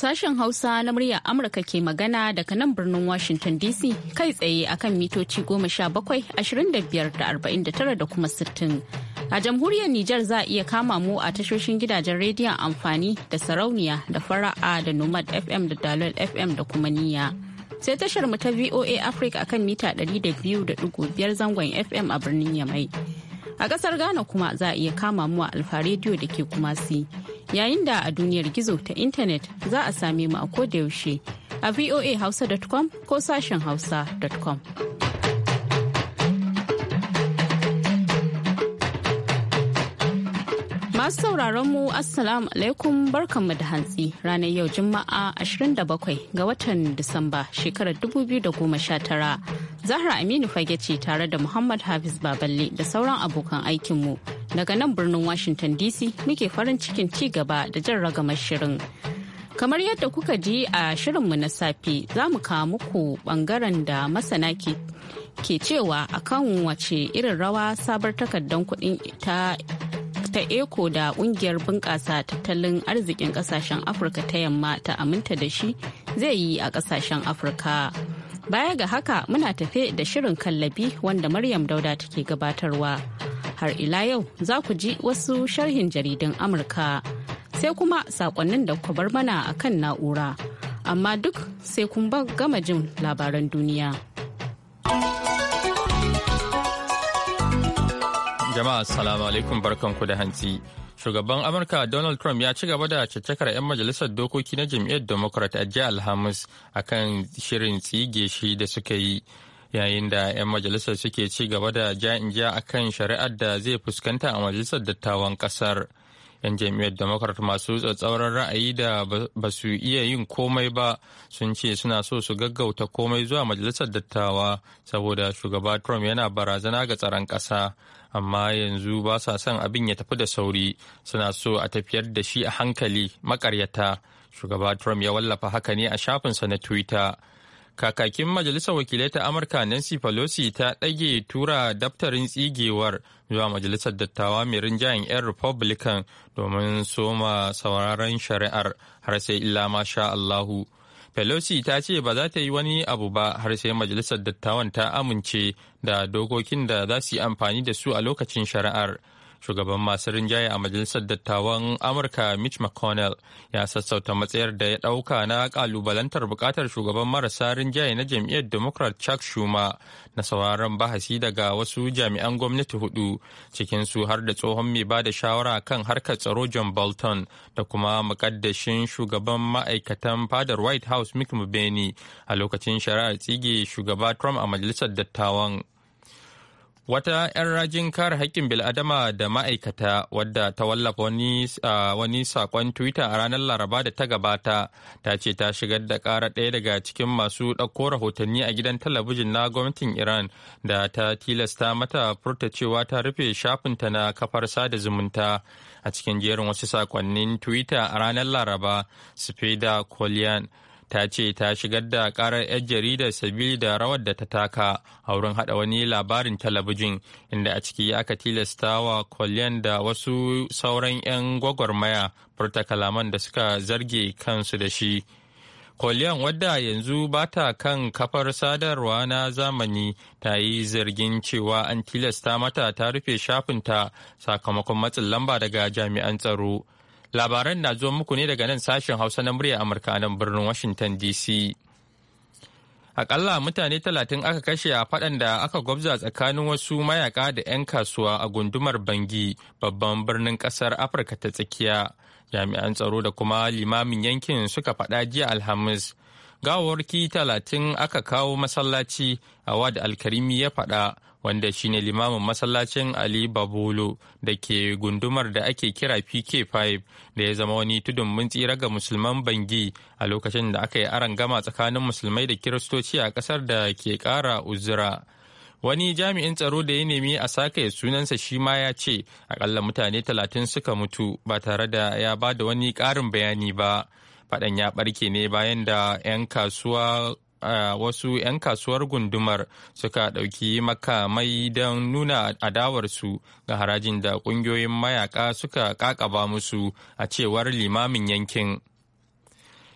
Sashen Hausa na muryar Amurka ke magana daga nan birnin Washington DC kai tsaye akan mitoci goma sha bakwai ashirin da biyar da arba'in tara da kuma sittin. A jamhuriyar Nijar za a iya kama mu a tashoshin gidajen rediyon amfani da sarauniya da fara'a da Nomad FM da Dalol FM da kuma niyya. Sai tashar mu ta VOA Africa akan mita 200.5 zangon FM a birnin Yamai. A ƙasar Ghana kuma za a iya kama mu a Alfa rediyo da ke Kumasi. Yayin da a duniyar gizo ta intanet za a same mu a kodayaushe a voahausa.com ko sashen hausa.com. Masu sauraron mu Assalamu alaikum barkanmu da hantsi ranar yau Juma'a 27 ga watan Disamba shekarar 2019. Zahra Aminu fage ce tare da Muhammad Hafiz Baballe da sauran abokan aikinmu daga nan birnin Washington DC muke farin cikin ci gaba da jan ragamar shirin. Kamar yadda kuka ji a shirinmu na safe za mu kawo muku bangaren da masana ke ke cewa akan wace irin rawa sabar takardar kuɗin ta ta eco da kungiyar bunƙasa tattalin arzikin ƙasashen afirka ta yamma ta aminta da shi zai yi a ƙasashen afirka baya ga haka muna tafe da shirin kallabi wanda maryam dauda take gabatarwa har ila yau za ku ji wasu sharhin jaridun amurka sai kuma sakonnin da ku bar mana a kan na'ura amma duk sai kun gama jin labaran duniya. Jama'a salamu alaikum barkanku da hantsi. Shugaban Amurka Donald Trump ya ci gaba da caccakar 'yan majalisar dokoki na jam'iyyar Democrat a jiya Alhamis akan shirin tsige shi da suka yi. Yayin da 'yan majalisar suke ci gaba da ja ja akan shari'ar da zai fuskanta a majalisar dattawan kasar. 'yan jam'iyyar democrat masu tsatsauran ra'ayi da ba su iya yin komai ba sun ce suna so su gaggauta komai zuwa majalisar dattawa saboda shugaba trump yana barazana ga tsaron ƙasa amma yanzu ba sa son abin ya tafi da sauri suna so a tafiyar da shi a hankali makaryata shugaba trump ya wallafa haka ne a shafinsa na twitter kakakin majalisar wakilai ta amurka nancy pelosi ta ɗage tura daftarin tsigewar zuwa majalisar dattawa mai rinjayen 'yan republican domin soma sauraron shari'ar har sai illa masha allahu pelosi ta ce ba za ta yi wani abu ba har sai majalisar dattawan ta amince da dokokin da za su yi amfani da su a lokacin shari'ar shugaban masu rinjaye a majalisar dattawan amurka mitch mcconnell ya sassauta matsayar da ya dauka na kalubalantar bukatar shugaban marasa rinjaye na jam'iyyar democrat chuck schumer na sauraron bahasi daga wasu jami'an gwamnati hudu su har da tsohon mai ba da shawara kan harkar tsaro john bolton da kuma makaddashin shugaban ma'aikatan fadar white house mick mubeni a lokacin shari'ar tsige shugaba trump a majalisar dattawan. Wata 'yan rajin kare haƙƙin bil'adama da ma'aikata wadda ta wallafa wani, wani saƙon Twitter a ranar Laraba da ta gabata ta ce ta shigar da ƙara ɗaya daga cikin masu ɗauko rahotanni a gidan talabijin na gwamnatin Iran da ta tilasta mata furta cewa ta rufe shafinta na kafar sada zumunta a cikin jerin wasu sakonnin Twitter a ranar Laraba, Sufeda Kolian. ta ce ta shigar da karar 'yar jaridar sabili da rawar da ta taka a wurin hada wani labarin talabijin inda a ciki aka tilasta wa kwalliyan da wasu sauran 'yan gwagwarmaya furta kalaman da suka zarge kansu da shi. Koliyan wadda yanzu ba ta kan kafar sadarwa na zamani ta yi zargin cewa an tilasta mata ta rufe shafinta sakamakon matsin lamba daga jami'an tsaro. Labaran na zuwa muku ne daga nan sashen Hausa na murya Amurka nan birnin Washington DC. Akalla mutane talatin aka kashe a faɗan da aka gwabza tsakanin wasu mayaka da 'yan kasuwa a gundumar Bangi babban birnin kasar Afirka ta tsakiya. Jami'an tsaro da kuma limamin yankin suka faɗa jiya Alhamis. Gawarki talatin aka kawo masallaci a wad alkarimi ya faɗa wanda shine limamin masallacin Ali Babolo da ke gundumar da ake kira PK5 da ya zama wani tudun mun tsira ga musulman bangi a lokacin da aka yi aran gama tsakanin musulmai da kiristoci a kasar da ke kara uzura. Wani jami'in tsaro da ya nemi a sake sunansa shi ma ya ce akalla mutane talatin suka mutu ba tare da ya ba da wani ƙarin bayani ba. Faɗan ya ɓarke ne bayan da 'yan kasuwa wasu 'yan kasuwar gundumar suka ɗauki makamai don nuna adawarsu ga harajin da ƙungiyoyin mayaka suka ƙaƙaba musu a cewar limamin yankin.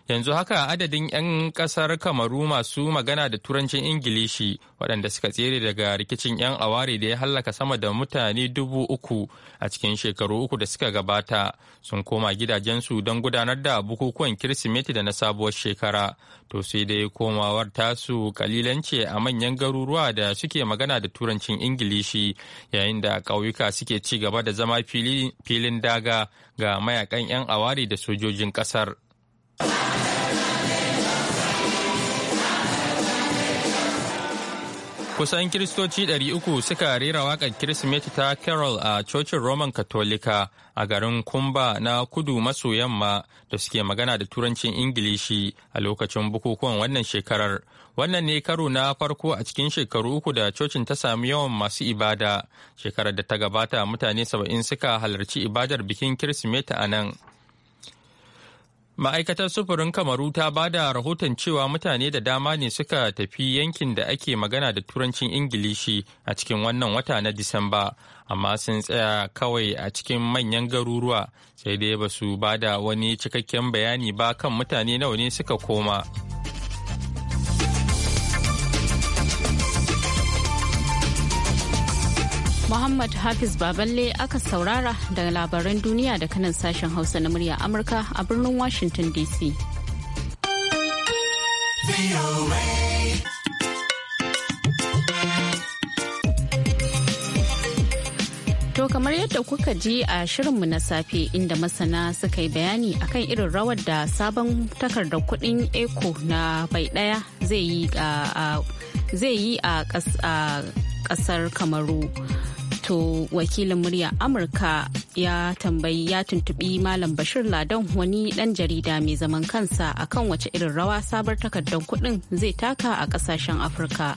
yanzu haka adadin 'yan kasar kamaru masu magana da turancin ingilishi waɗanda suka tsere daga rikicin 'yan aware da ya hallaka sama da mutane dubu uku a cikin shekaru uku da suka gabata sun koma gidajensu don gudanar da bukukuwan kirsimeti da na sabuwar shekara to sai dai komawar tasu kalilance a manyan garuruwa da suke magana da turancin ingilishi yayin da ƙauyuka suke ci gaba da zama filin daga ga mayakan 'yan aware da sojojin ƙasar. Kusan Kiristoci 300 suka rera waƙar Kirsimeti ta Carol a cocin Roman Katolika a garin Kumba na kudu maso yamma da suke magana da Turancin Ingilishi a lokacin bukukuwan wannan shekarar. Wannan ne karo na farko a cikin shekaru uku da cocin ta sami yawan masu ibada. Shekarar da ta gabata mutane saba'in suka halarci ibadar bikin Kirsimeti a nan. Ma'aikatar sufurin Kamaru ta ba da rahoton cewa mutane da dama ne suka tafi yankin da ake magana da turancin Ingilishi a cikin wannan wata na Disamba, amma sun tsaya kawai a cikin manyan garuruwa sai dai ba su ba da wani cikakken bayani ba kan mutane nawa ne suka koma. Muhammad Hafiz Baballe aka saurara da labaran duniya da kanan sashen Hausa na murya Amurka a birnin Washington DC. To kamar yadda kuka ji a shirinmu na safe inda masana suka yi bayani akan irin rawar da sabon takardar kudin eko na bai daya zai yi a kasar kamaru. wato wakilin murya amurka ya tambayi ya tuntubi malam bashir ladan wani dan jarida mai zaman kansa akan wace irin rawa sabar takardar kuɗin zai taka a ƙasashen afirka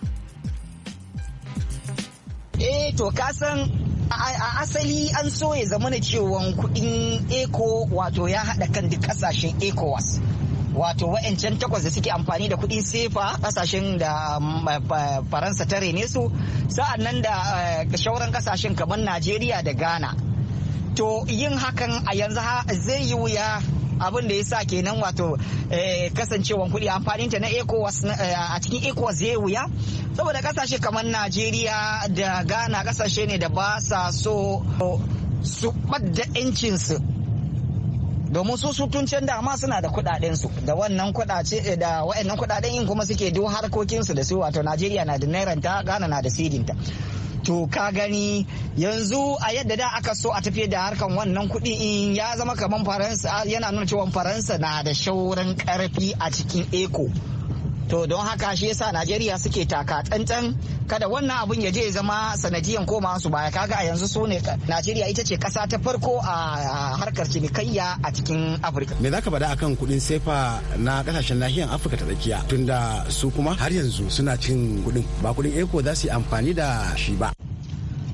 eh to kasan a asali an so ya zama na cewa kudin eco wato ya haɗa kan duk ƙasashen ecowas wato wa'ancan takwas da suke amfani da kuɗin sefa kasashen da mm, faransa ta rene su sa'an nan eh, da shauran kasashen kamar najeriya da ghana to yin hakan a yanzu zai yi wuya abin da ya sa kenan wato eh, kasancewan kuɗi amfanin na ecowas eh, a cikin ecowas zai wuya saboda kasashe kamar najeriya da ghana kasashe ne da ba sa so su ɓadda 'yancinsu domin su su da dama suna da kudaden su da wannan kudace eh, da wayannan kudaden in kuma suke duk harkokin su da su wato Najeriya na da naira ta Ghana na da ta. to ka gani yanzu a yadda da aka so a tafiye da harkan wannan kudi in ya zama kaman faransa yana nuna cewa faransa na da shaurin karfi a cikin eco to don haka shi yasa najeriya suke taka tsantsan kada wannan abun ya je ya zama sanadiyan koma su baya kaga a yanzu su ne najeriya ita ce kasa ta farko a harkar cinikayya a cikin afirka me zaka bada akan kudin sefa na kasashen nahiyar afirka ta tsakiya tunda su kuma har yanzu suna cin kudin ba kudin eco za su yi amfani da shi ba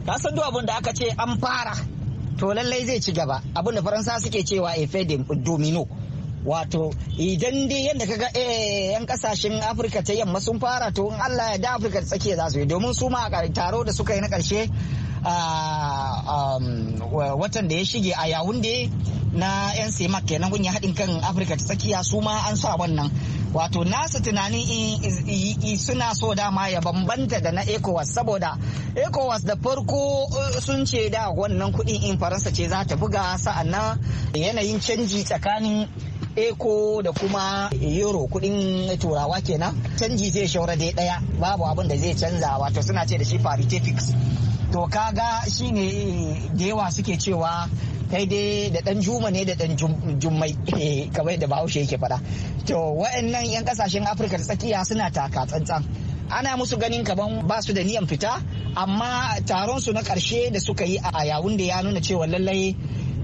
ka san duk abin da aka ce an fara to lallai zai ci gaba abin da faransa suke cewa efedim domino wato idan dai yadda kaga eh, yan kasashen afirka ta yamma sun fara to in allah ya da afirka ta tsakiya za su yi domin su ma a taro da suka yi na karshe ah, um, watan da ya shige a yawun da na yan semak kenan kun haɗin kan afirka ta tsakiya su ma an sa wannan wato nasa tunanin suna so dama ya bambanta da na ecowas saboda ecowas da farko eh, sun ce da wannan kudin in faransa ce za ta buga nan yanayin canji tsakanin Eko da kuma euro kudin turawa kenan canji zai shaura dai daya babu abin da zai canza wato suna ce da shi parity fix to kaga shine da yawa suke cewa kai dai da dan juma ne da dan jummai kamar da bahaushe yake faɗa to wa'annan 'yan kasashen afirka da tsakiya suna taka tsantsan ana musu ganin kaban ba su da niyan fita amma taron su na karshe da suka yi a yawun da ya nuna cewa lallai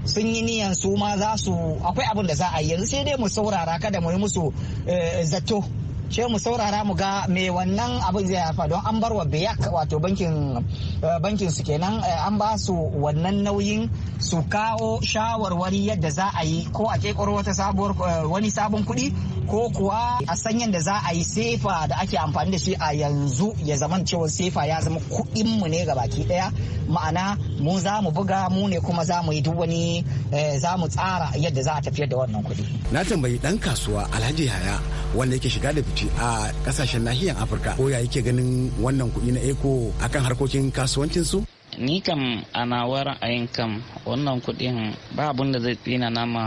sun yi niyan su ma za su akwai abin da za a yi yanzu sai dai mu saurara kada mu yi musu eh, zato sai mu saurara mu ga me wannan abin zai haifa don an bar wa biyak wato bankin eh, bankin su kenan eh, an ba su wannan nauyin su kawo shawarwari yadda za a yi ko a ke wata sabuwar wani sabon kuɗi ko kuwa a sanyin da za a yi sefa da ake amfani da shi a yanzu ya zaman cewa sefa ya zama kuɗinmu ne ga baki ɗaya ma'ana mu za mu buga mu ne kuma za mu yi duk wani eh, za mu tsara yadda za a tafiyar da wannan kuɗi. na tambayi ɗan kasuwa alhaji yaya wanda yake shiga da fice a kasashen nahiyar afirka ko ya yake ganin wannan kuɗi na eko akan harkokin kasuwancinsu. ni kam a nawa kam wannan kuɗin ba abun da zai tsina nama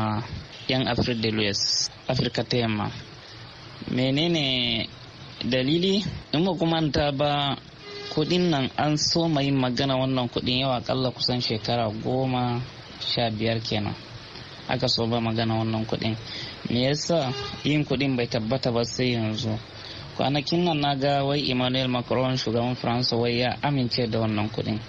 'yan Afirka de West, Afirka ta yamma. Menene dalili? In hukumanta ba kudin nan an so mai magana wannan kudin yawa kalla kusan shekara goma sha biyar kenan. aka so ba magana wannan kudin me yasa yin kudin bai tabbata ba sai yanzu kwanakin nan na ga wai emmanuel macron shugaban faransa wai ya amince da wannan kudin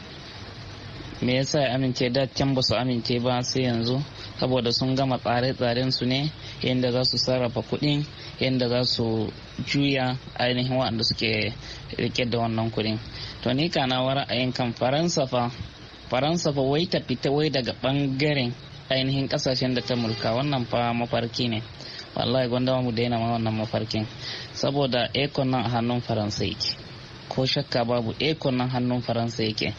me yasa ya amince da can ba su amince ba sai yanzu saboda sun gama tsare-tsaren su ne yadda za su sarrafa kuɗi yadda za su juya ainihin waɗanda suke rike da wannan kuɗi to ni na wara ra'ayin kan faransa fa faransa fa wai ta fita wai daga ɓangaren ainihin ƙasashen da ta mulka wannan fa mafarki ne wallahi gwanda mu daina ma wannan mafarkin saboda ekon nan a hannun faransa yake ko shakka babu ekon nan hannun faransa yake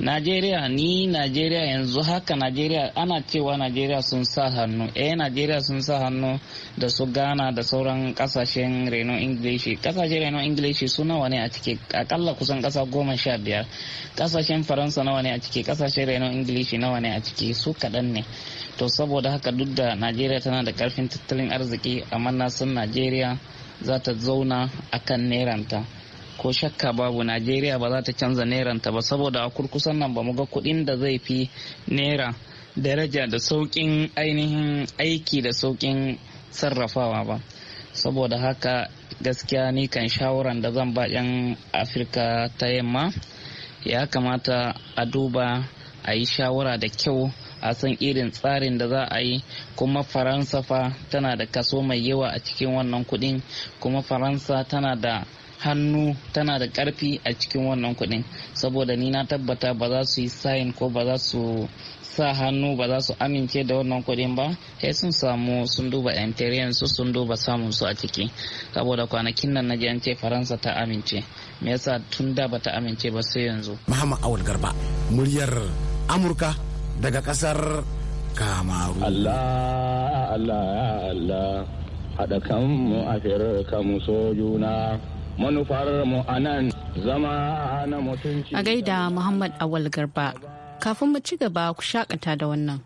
najeriya ni najeriya yanzu haka najeriya ana cewa najeriya sun sa hannu eh najeriya sun sa hannu da su gana da sauran kasashen reno ingilishi kasashen reno ingilishi su nawa ne a ciki akalla kusan kasa goma sha biyar kasashen faransa nawa ne a ciki kasashen reno ingilishi nawa ne a ciki su kaɗan ne to saboda haka duk da najeriya tana da karfin tattalin arziki amma na san najeriya za ta zauna akan neranta ko shakka babu najeriya ba za ta canza ta ba saboda a kurkusan nan ba mu ga kuɗin da zai fi naira daraja da sauƙin ainihin aiki da saukin sarrafawa ba saboda haka gaskiya ni kan shawaran da zan ba 'yan afirka ta yamma ya kamata a duba a yi shawara da kyau a san irin tsarin da za a yi kuma faransa fa tana da kaso mai yawa a cikin wannan kudin kuma faransa tana da hannu tana da karfi a cikin wannan kuɗin saboda ni na tabbata ba za su yi sayin ko ba za su sa hannu ba za su amince da wannan kuɗin ba sai sun samu sun duba interior su sun duba samun su a ciki saboda kwanakin nan na an ce faransa ta amince me yasa tun da ba ta amince ba sai yanzu muhammad awul garba muryar amurka daga kasar kamaru allah allah allah haɗa kanmu afirka mu so juna manufar mu nan zama na mutunci a gaida muhammad awal garba kafin mu ci gaba ku shakata da wannan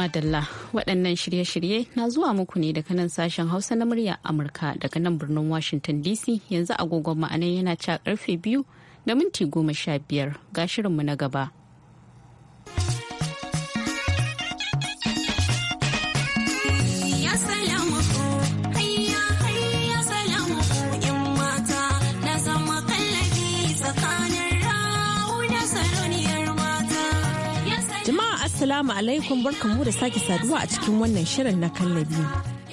madalla waɗannan shirye-shirye na zuwa muku ne daga nan sashen hausa na murya amurka daga nan birnin washington dc yanzu agogon ma'anai yana ca karfe biyu da minti goma sha biyar ga shirinmu na gaba. Assalamu alaikum mu da sake saduwa a cikin wannan shirin na kallabi.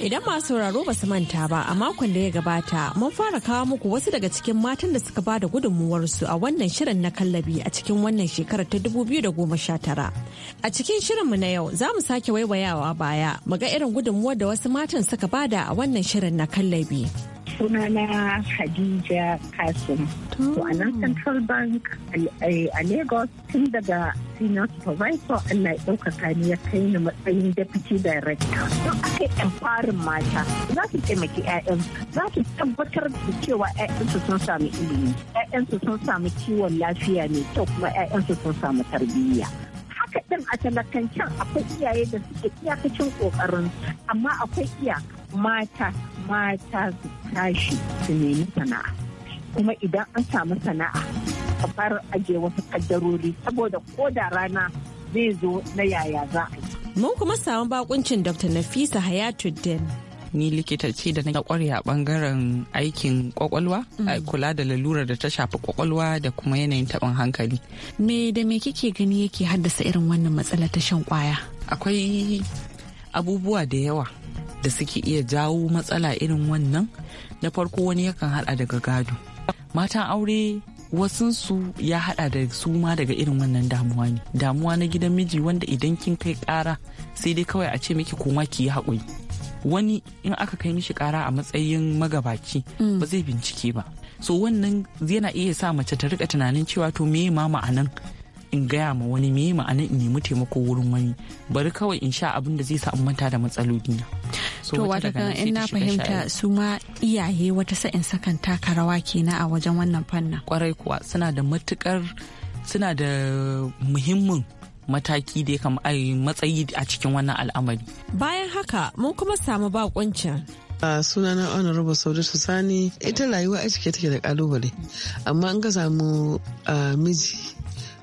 Idan masu sauraro ba su manta ba a makon da ya gabata mun fara kawo muku wasu daga cikin matan da suka bada gudunmuwarsu a wannan shirin na kallabi a cikin wannan shekarar ta 2019. A cikin shirinmu na yau za mu sake waiwayawa baya mu ga irin gudunmuwar da wasu matan suka bada a wannan shirin na kallabi. suna na Khadija Kasim. To a nan Central Bank a Lagos tun daga senior supervisor Allah ya ɗaukaka ni ya kai ni matsayin deputy director. Don aka yi farin mata za su taimaki 'ya'yan za su tabbatar da cewa 'ya'yansu sun samu ilimi, 'ya'yansu sun samu kiwon lafiya mai kyau kuma 'ya'yansu sun samu tarbiyya. haka din a talakancin akwai iyaye da suke iyakacin kokarin amma akwai iyaka mata mata su tashi su nemi sana'a kuma idan an samu sana'a a fara ajiye wasu kaddarori saboda ko da rana zai zo na yaya za a yi. Mun kuma samu bakuncin Dr. Nafisa Hayatu Den. ni likita ce da na kware a bangaren aikin kwakwalwa mm. kula da lalurar da ta shafi kwakwalwa da kuma yanayin taɓin hankali. Me da me kike gani yake haddasa irin wannan matsala ta shan kwaya? Akwai abubuwa da yawa da suke iya jawo matsala irin wannan na farko wani yakan hada daga gado matan aure wasunsu ya hada da su ma daga irin wannan damuwa ne damuwa na gidan miji wanda idan kin kai kara sai dai kawai a ce miki koma ki yi haƙuri wani in aka kai mishi kara a matsayin magabaci mm. ba zai bincike ba so wannan yana iya sa mace ta rika tunanin cewa to me ma ma'anan in gaya ma wani me ma'ana in nemi taimako wurin wani bari kawai in sha abin da zai sa manta da matsaloli na to wata kan in na fahimta su ma iyaye wata sa'in sakan taka rawa kenan a wajen wannan fannin kwarai kuwa suna da matukar suna da muhimmin mataki da ya matsayi a cikin wannan al'amari bayan haka mun kuma samu bakuncin a sunana honorable saudatu sani ita rayuwa a cike take da kalubale amma in ka samu miji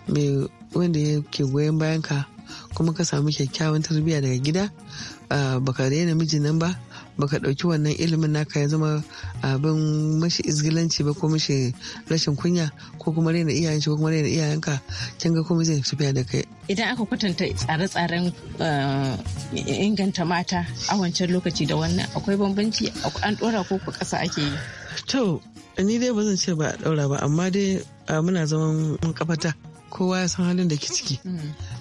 mai wanda yake goyon bayan ka kuma ka samu kyakkyawan tarbiyya daga gida baka daina mijin nan ba baka ɗauki wannan ilimin naka ya zama abin mashi izgilanci ba ko mashi rashin kunya ko kuma raina iyayen ko kuma raina iyayenka kin ga kuma zai tafiya da kai idan aka kwatanta tsare-tsaren inganta mata a wancan lokaci da wannan akwai bambanci an ɗora ko ku ƙasa ake yi to ni dai ba zan ce ba a ɗaura ba amma dai muna zaman kafata kowa ya san halin da ke ciki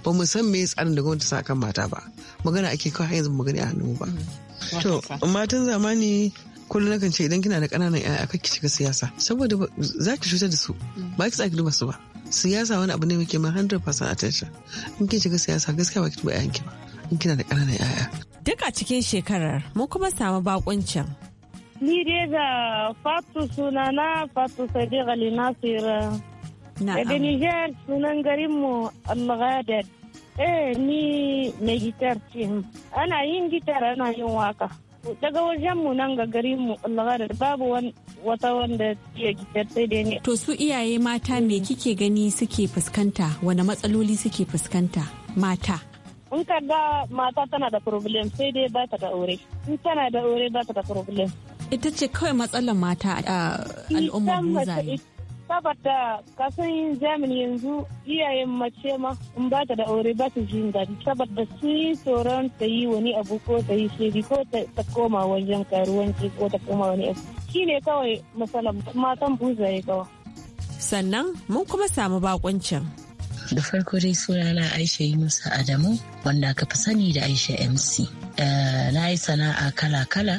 ba mu san me tsarin da gwamnati sa kan mata ba magana ake kawai yanzu magana a hannu ba mm. to matan zamani kullum nakan ce idan kina da ƙananan yaya ki shiga siyasa saboda za ki cutar da su mm. ba ki tsaki duba su ba siyasa wani abu ne mai kima 100% attention in kin shiga siyasa gaskiya ba ki tuba yayan ki ba in kina da ƙananan yaya duk a cikin shekarar mun kuma samu bakuncin ni dai da fatu sunana fatu sadiq ali nasir da Niger sunan garinmu Almagadar. Eh ni mai gitar ce. Ana yin gitar ana yin waka. Daga wajenmu nan ga garinmu Almagadar babu wata wanda ke gitar sai dai ne. To su iyaye mata me kike gani suke fuskanta? Wane matsaloli suke fuskanta? Mata. In ka ga mata tana da problem sai dai ba ta da aure. In tana da aure ba ta da problem. Ita ce kawai matsalar mata a al'ummar Buzari. saboda kasan zamani yanzu iyayen mace ma in ba ta da aure ba ta jin daɗi saboda su yi tsoron ta yi wani abu ko ta yi shiri ko ta koma wajen karuwanci ko ta koma wani abu shi ne kawai matsalar matan buza ya gawa sannan mun kuma samu bakuncin da farko dai sunana aisha yi musa adamu wanda aka fi sani da aisha mc eh, na yi sana'a kala-kala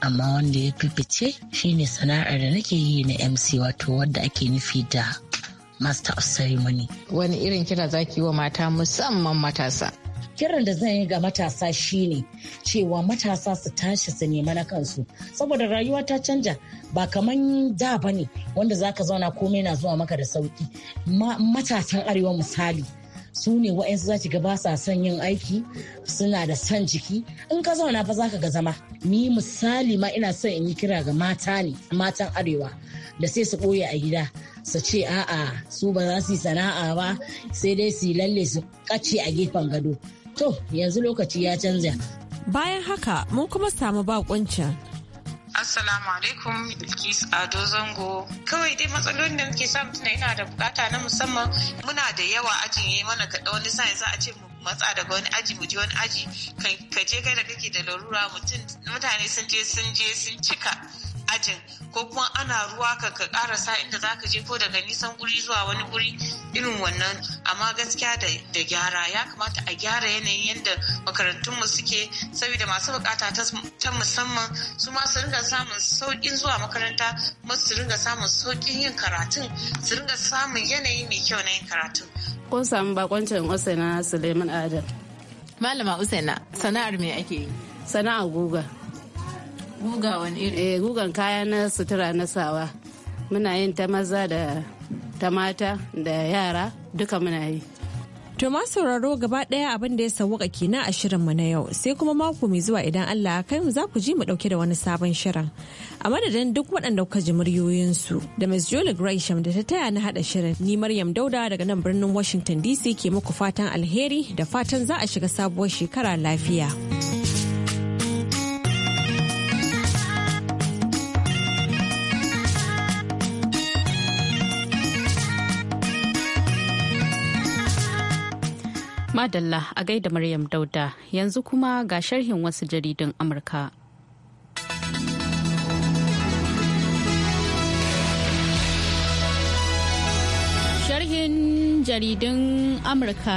amma wanda ya fifice shine sana'ar da nake yi na mc wato wadda ake nufi da master of ceremony wani irin kira zaki wa mata musamman matasa kiran da zan yi ga matasa shine cewa matasa su tashi su nema na kansu saboda rayuwa ta canja ba kaman da bane wanda zaka zauna komai na zuwa maka da sauki matasan arewa misali su ne wa'yansu za ki ga ba sa son yin aiki suna da son jiki in ka zauna fa zaka ga zama ni misali ma ina son in yi kira ga mata ne matan arewa da sai su ɓoye a gida su ce a'a su ba za su yi sana'a ba sai dai su lalle su kace a gefen gado to yanzu lokaci ya canza. bayan haka mun kuma samu bakuncin Assalamu alaikum Bilkis Ado Zango. Kawai dai matsalolin da muke samu tunai yana da bukata na musamman muna da yawa ajin yayi eh, mana kaɗa wani sa'in za a ce mu matsa daga wani aji mu je wani aji ka je kai da kake da larura mutum mutane sun je sun je sun cika ajin ko kuma ana ruwa ka ka karasa inda zaka je ko daga nisan guri zuwa wani guri irin wannan amma gaskiya da gyara ya kamata a gyara yanayin yadda makarantunmu suke saboda masu bukata ta musamman su ma su ringa samun saukin zuwa makaranta kuma su ringa samun saukin yin karatun su ringa samun yanayi mai kyau na yin karatun. Kun samu bakoncin Usaina Suleiman Adam. Malama Usaina sana'ar me ake yi? Sana'ar guga. guga wani iri eh gugan kaya na sutura na sawa muna yin ta maza da ta mata da yara duka muna yi To ma sauraro gaba daya abin da ya sauwaka kenan a mu na yau sai kuma mako mai zuwa idan Allah ya kai mu za ku ji mu dauke da wani sabon shirin. A madadin duk waɗanda kuka ji muryoyinsu da Ms. Julie Gresham da ta taya na hada shirin ni Maryam Dauda daga nan birnin Washington DC ke muku fatan alheri da fatan za a shiga sabuwar shekara lafiya. Madalla a gaida Maryam Dauda yanzu kuma ga sharhin wasu jaridun Amurka. Sharhin jaridun Amurka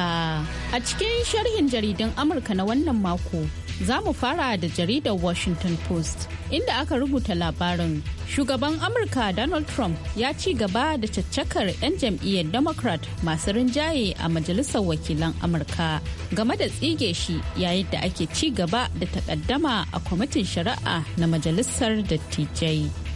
A cikin sharhin jaridun Amurka na wannan mako, Za mu fara da jaridar Washington Post, inda aka rubuta labarin. Shugaban Amurka Donald Trump ya ci gaba da caccakar 'yan jam'iyyar Democrat masu rinjaye a Majalisar Wakilan Amurka game da tsige shi yayin da ake ci gaba da takaddama a kwamitin shari'a na Majalisar Dattijai.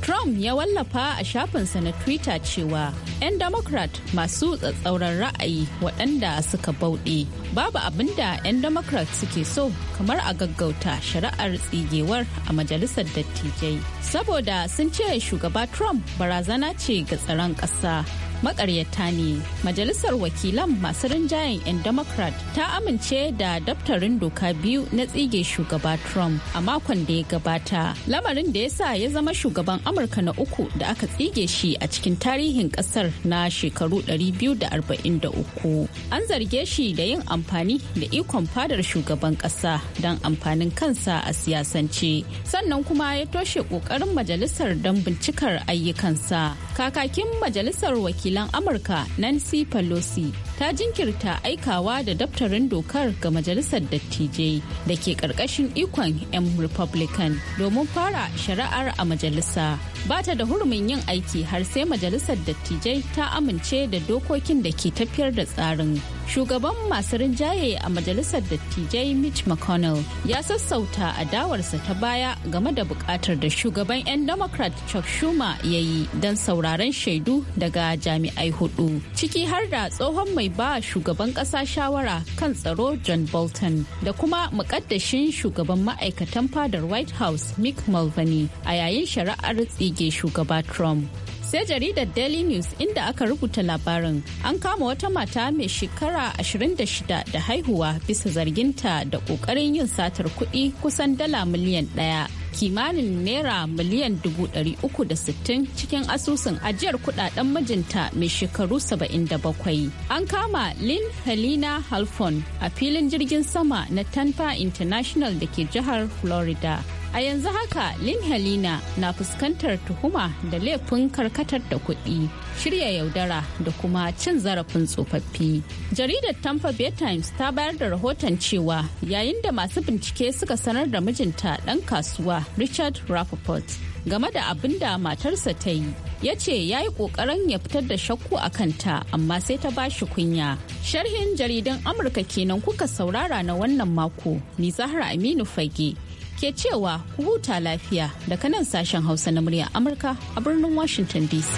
Trump ya wallafa a shafinsa na Twitter cewa 'yan Democrat masu tsatsauran ra'ayi waɗanda suka bauɗe babu abin da 'yan Democrat suke so kamar a gaggauta shari'ar tsigewar a majalisar dattijai. Saboda sun ce shugaba Trump barazana ce ga tsaron ƙasa. makaryata ne majalisar wakilan masu rinjayen 'yan democrat ta amince da daftarin doka biyu na tsige shugaba trump a makon da ya gabata lamarin da ya sa ya zama shugaban amurka na uku da aka tsige shi a cikin tarihin kasar na shekaru 243 an zarge shi da yin amfani da ikon fadar shugaban kasa don amfanin kansa a siyasance sannan kuma ya toshe kokarin majalisar don bincikar ayyukansa kakakin majalisar wakilan. wakilan amurka nancy pelosi ta jinkirta aikawa da daftarin dokar ga majalisar dattijai da ke karkashin ikon 'yan republican domin fara shari'ar a majalisa ba ta da hurumin yin aiki har sai majalisar dattijai ta amince da dokokin da ke tafiyar da tsarin shugaban masu rinjaye a majalisar dattijai mitch mcconnell ya sassauta adawarsa ta baya game da bukatar da shugaban 'yan democrat chuck schumer ya yi don sauraron shaidu daga jami'ai hudu ciki har da tsohon mai ba shugaban kasa shawara kan tsaro john bolton da kuma mukaddashin shugaban ma'aikatan fadar white house mick mulvaney a yayin shari'ar tsi tsige shugaba Trump. sai jaridar daily news inda aka rubuta labarin an kama wata mata mai shekara 26 da haihuwa bisa zarginta da kokarin yin satar kuɗi kusan dala miliyan ɗaya kimanin naira miliyan 360 cikin asusun ajiyar kudaden mijinta mai shekaru 77 an kama lynn helena halfon a filin jirgin sama na tampa international da ke jihar florida A yanzu haka Lin Helena na fuskantar tuhuma da laifin karkatar da kuɗi, shirya yaudara da kuma cin zarafin tsofaffi. Jaridar Tampa Bay Times ta bayar da rahoton cewa yayin da masu bincike suka sanar da mijinta ɗan kasuwa Richard Rappaport game da abin da matarsa ta yi. ya ce ya yi kokarin ya fitar da shakku a kanta amma sai ta ba shi kunya sharhin jaridan amurka kenan kuka saurara na wannan mako ni zahra aminu fage ke cewa ku huta lafiya daga nan sashen hausa na murya amurka a birnin washington dc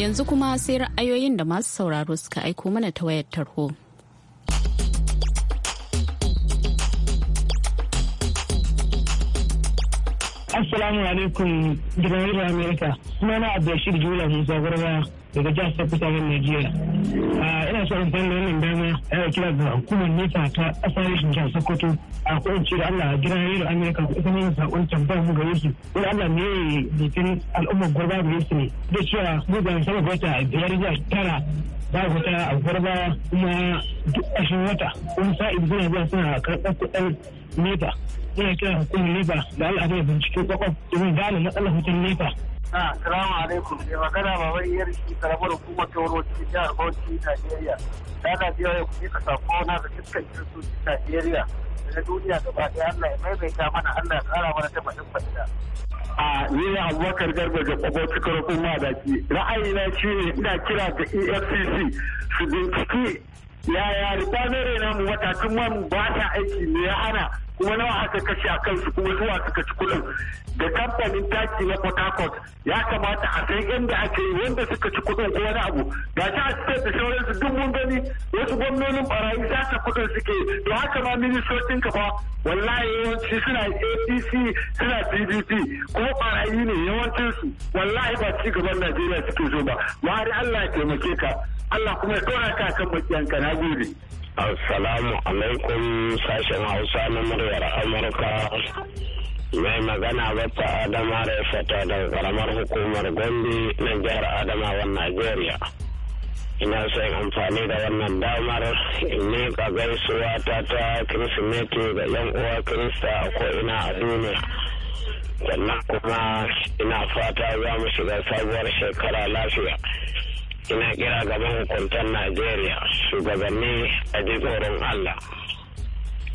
yanzu kuma sai ra'ayoyin da masu sauraro suka aiko mana ta wayar tarho Assalamu alaikum, Jibril Amerika. Sunana Abdulrashid Jula Musa Gurba daga jihar Sokoto a Najeriya. Ina so in fara wannan dama ya eh, kira ga hukumar nesa ta ƙasar rashin jihar Sokoto a kuɗin ce da Allah a gidan rediyo Amerika ku isa mana saƙon tambayar mu gare su. Ko Allah me bikin al'ummar gurba gare su ne. Da cewa mu ga sama wata biyar zuwa tara ba wata a gurba kuma duk ƙarshen wata wani sa'in suna zuwa suna karɓar kuɗin NEPA. Ina kira hukumar nesa da Allah a bincike kwakwaf domin gane matsalar hutun NEPA. Assalamu ah, alaikum. Mai magana baban iyar shi karamar hukumar ta cikin jihar Bauchi, Najeriya. Da na biya ya kuɗi ka sako na ga dukkan kiristocin Najeriya da na duniya gaba ɗaya Allah ya maimaita mana Allah ya ƙara mana ta baɗin baɗina. a ni ne abubakar garba da kwabo cikar kuma daki ra'ayina shi ne ina kira da efcc su binciki yaya ribanare na mu matakan ba ta aiki ne ya hana kuma nawa aka kashe a kansu kuma zuwa suka ci kuɗin da kamfanin taki na port harcourt ya kamata a san inda ake yi wanda suka ci kuɗin ko wani abu ga shi a cikin da sauransu duk mun gani wasu gwamnonin barayi za ta kuɗin suke to haka ma ministocin ka fa wallahi yawanci suna apc suna pdp ko barayi ne yawancinsu wallahi ba ci gaban najeriya suke zo ba buhari allah ya taimake ka allah kuma ya ɗora ka kan makiyanka na gode. Assalamu alaikum sashen Hausa na muryar Amurka. Mai magana bata Adama da fata daga karamar hukumar Gombe na jihar adamawa Najeriya. Ina son amfani da wannan damar in miƙa gaisuwa ta ta Kirsimeti ga 'yan uwa Kirista a ko'ina a duniya. Sannan kuma ina fata za mu shiga sabuwar shekara lafiya. ina kira gaban hukuntar najeriya shugabanni a ji tsoron allah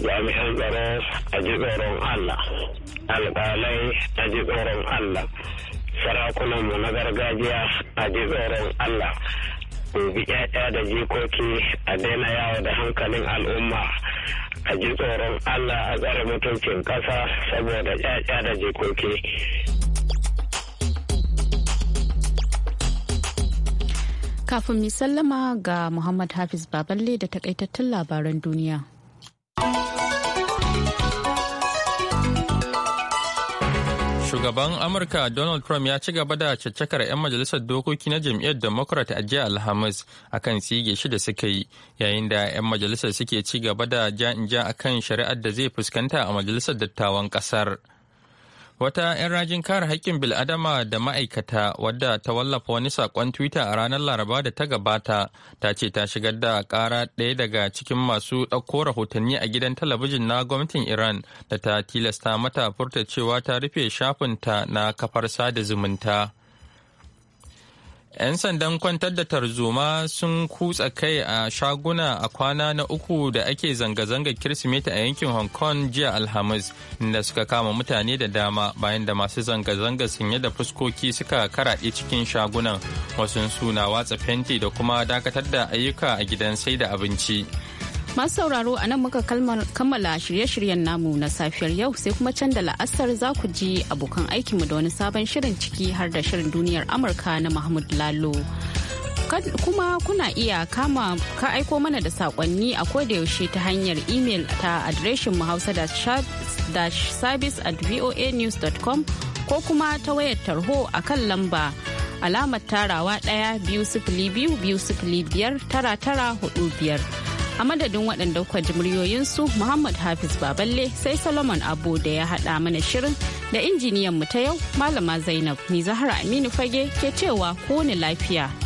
jami'an tsaro a ji tsoron allah alƙalai a ji tsoron allah sarakunanmu na gargajiya a ji tsoron allah dubi ‘ya'ya da jikoki a daina yawo da hankalin al'umma a ji tsoron Allah a tsare mutuncin ƙasa saboda ‘ya'ya da jikoki. Kafin mi sallama ga Muhammad Hafiz Baballe da takaitattun labaran duniya. Shugaban Amurka Donald Trump ya ci gaba da caccakar 'yan majalisar dokoki na jam'iyyar Democrat a jiya Alhamis kan tsige shi da suka yi, yayin da 'yan majalisar suke ci gaba da ja-in-ja akan shari'ar da zai fuskanta a majalisar dattawan kasar. Wata 'yan rajin kare haƙƙin bil'adama da ma'aikata wadda ta wallafa wani saƙon Twitter a ranar Laraba da ta gabata ta ce ta shigar da ƙara ɗaya daga cikin masu ɗauko rahotanni a gidan talabijin na gwamnatin Iran da ta tilasta mata furta cewa ta rufe shafinta na kafar sada zumunta. 'Yan sandan kwantar da tarzoma sun kutsa kai a shaguna a kwana na uku da ake zanga-zangar Kirsimeti a yankin Hong Kong jiya Alhamis, inda suka kama mutane da dama bayan da masu zanga-zanga sanye da fuskoki suka karaɗe cikin shagunan. Wasu suna watsa fenti da kuma dakatar da ayyuka a gidan sai da abinci. Masu sauraro a nan muka kammala shirye-shiryen namu na safiyar yau sai kuma can da la'asar za ku ji abokan aikinmu da wani sabon shirin ciki har da shirin duniyar Amurka na Mahmud Lalo. Kuma kuna iya kama ka aiko mana da sakonni a yaushe ta hanyar imel ta adireshin mu hausa da service at voanews.com ko kuma ta wayar tarho a kan lamba alamar tarawa ɗaya biyu sifili biyu biyu sifili biyar tara tara hudu biyar. a madadin waɗanda kwa ji muryoyinsu muhammad hafiz baballe sai solomon abu da ya haɗa mana shirin da injiniyan mu ta yau malama zainab ni zahra aminu fage ke cewa ko lafiya